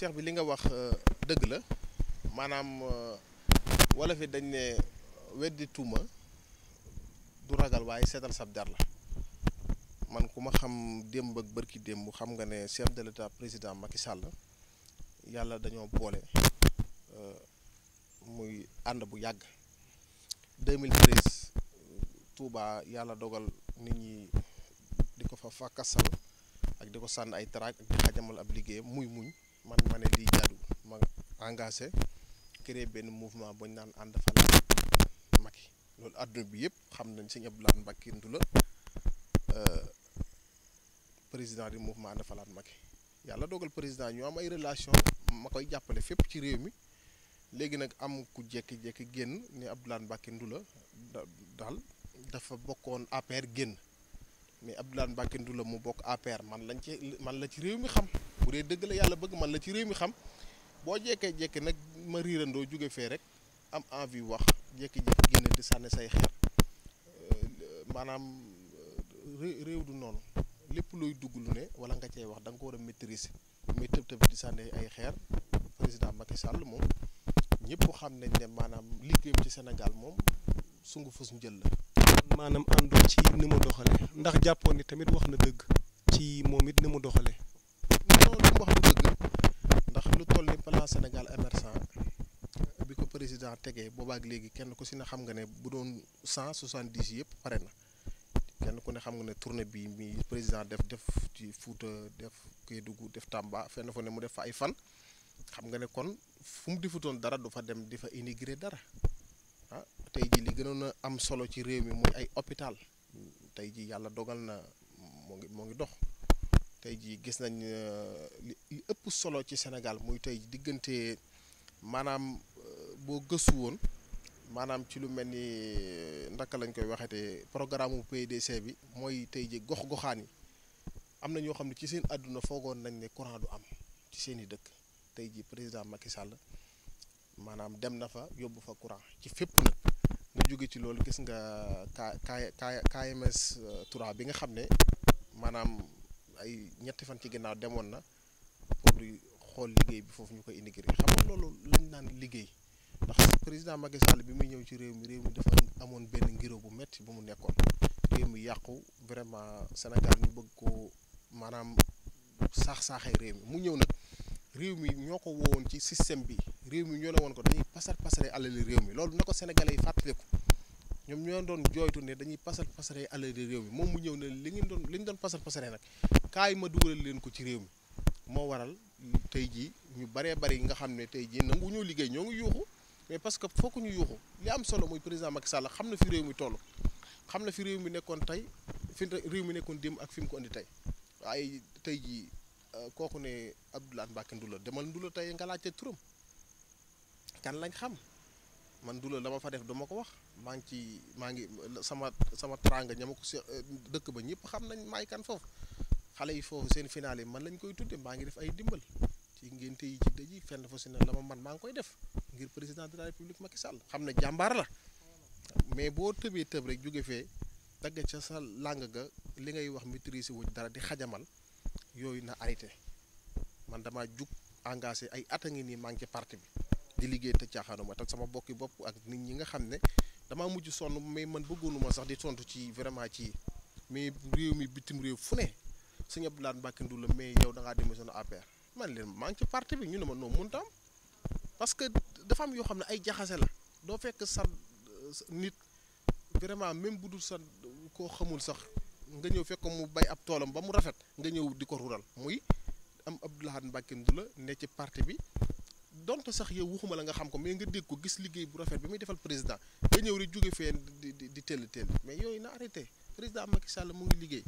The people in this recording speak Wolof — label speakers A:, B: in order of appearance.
A: Cheikh bi li nga wax euh, dëgg la maanaam euh, wala fi dañ ne weddi tuuma du ragal waaye seetal sab der la man ku xam démb ak bërki démb xam nga ne chef de l'état président Macky Sall yàlla dañoo boole euh, muy ànd bu yàgg 2013 Touba yàlla dogal nit ñi di ko fa fàkkasal ak di ko sànn ay taraak ak di xajamal ab liggéeyam muy muñ man ma ne lii jaadu ma engagé créer benn mouvement bu ñu naan ànd fal Macky loolu àdduna bi yëpp xam nañ sëñ Abdou Lahad Mbacké Ndoulo euh, président du mouvement ànd falaat Macky yàlla dogal président ñu am ay relation ma koy jàppale fépp ci réew mi léegi nag am ku jékki-jékki génn ni Abdou Lahad Mbacké Ndoulo daal dafa bokkoon APR génn mais Abdou Lahad Mbacké Ndoulo mu bokk APR man lañ ci man la ci réew mi xam bu dee dëgg la yàlla bëgg man la ci réew mi xam boo jekkee-jekke nag ma riirandoo jóge fee rek am envie wax jekki-jekki génn di sànni say xeer euh, maanaam euh, réew du noonu lépp looy dugg lu ne wala nga cay wax da ko war a maîtriser mais di sànni ay xeer président Macky Sall moom ñëpp xam nañ ne maanaam liggéeyam ci Sénégal moom sungu fus njël la maanaam àndul ci ni mu doxale ndax jàppoon ni tamit wax na dëgg ci moom it ni mu doxale itam wax na dëgg ndax lu toll ni plan Sénégal émergent bi ko président tegee boobaak léegi kenn ku si ne xam nga ne bu doon cent soixante dix yëpp pare na kenn ku ne xam nga ne tournée bi mi président def def ci Fouta def Kédougou def Tamba fenn fu ne mu def fa ay fan xam nga ne kon fu mu defutoon dara du fa dem di fa intégré dara ah tey jii li gënoon a am solo ci réew mi mooy ay hôpital tey jii yàlla dogal na moo ngi moo ngi dox tey jii gis nañ euh, li ëpp solo ci Sénégal muy tey diggante maanaam euh, boo gëstu woon maanaam ci lu mel ni euh, ndaka lañ koy waxeete programme mu PDC bi mooy tey ji gox goxaan yi am na ñoo xam ne ci seen àdduna foogoon nañ ne courant du am ci seen i dëkk tey ji président Macky Sall maanaam dem na fa yóbbu fa courant ci fépp nag nga jóge ci loolu gis nga K K KMS 3 bi nga xam ne maanaam. ay ñetti fan ci ginnaaw demoon na pour di xool liggéey bi foofu ñu koy intégrer xam nga loolu lañ naan liggéey ndax président Macky Sall bi muy ñëw ci réew mi réew mi dafa amoon benn ngiro bu metti bu mu nekkoon réew mi yàqu vraiment Sénégal ñu bëgg ko maanaam saax-saaxee réew mi mu ñëw nag réew mi ñoo ko woowoon ci système bi réew mi ñoo ne woon ko dañuy pasar pasare alali réew mi loolu na ko sénégalais yi fàttaliku ñoom ñoo doon jooytu ne dañuy pasar pasaree alal réew mi moom mu ñëw ne li ngeen doon li ñu doon pasar pasaree nag kaay ma dugalal leen ko ci réew mi moo waral tey jii ñu baree bari nga xam ne tey jii nangu ñoo liggéey ñoo ngi yuuxu mais parce que fokk ñu yuuxu li am solo muy président Macky Sall xam na fi réew mi toll xam na fi réew mi nekkoon tey fi réew mi nekkoon démb ak fi mu ko indi tey waaye tey jii euh, kooku ne Abdoulaye Mbacke Ndoulo demal Ndoulo tey nga laajte turam kan lañ xam. man du dama fa def dama ko wax maa ngi ci maa ngi sama sama teraanga ña ko si dëkk ba ñëpp xam nañ maay kan foofu xale yi foofu seen finale man lañ koy tudde maa ngi def ay dimbal ci ngénte yi ci dëj yi fenn fa si ne la ma man maa ngi koy def ngir président de la république ki Sall xam na jàmbaar la mais boo tëbee tëb rek jóge fee dagg ca sa làng ga li ngay wax maîtriser wuñ dara di xajamal yooyu na ayte man dama jug engagé ay at ngi nii maa ngi ci parti bi di liggéey te caaxaanuma tak sama bokki bopp ak nit ñi nga xam ne damaa mujj sonn mais man bëggoonuma sax di sontu ci vraiment ci mais réew mi bitim réew fu ne sëñ Abdoulaye Mbacke Ndoulo mais yow da ngaa démissionné APR man leen maa ci parti bi ñu ne ma noonu mënut am parce que dafa am yoo xam ne ay jaxase la doo fekk sa nit vraiment même bu dul sa koo xamul sax nga ñëw fekk mu bay ab toolam ba mu rafet nga ñëw di ko rural muy am ab Abdoulaye Mbacke Ndoulo ne ci parti bi. donte sax yow waxuma la nga xam ko mais nga dégg ko gis liggéey bu rafet bi muy defal président nga ñëw rek jóge fee di di di teel mais yooyu na arrêté président Macky Sall mu ngi liggéey.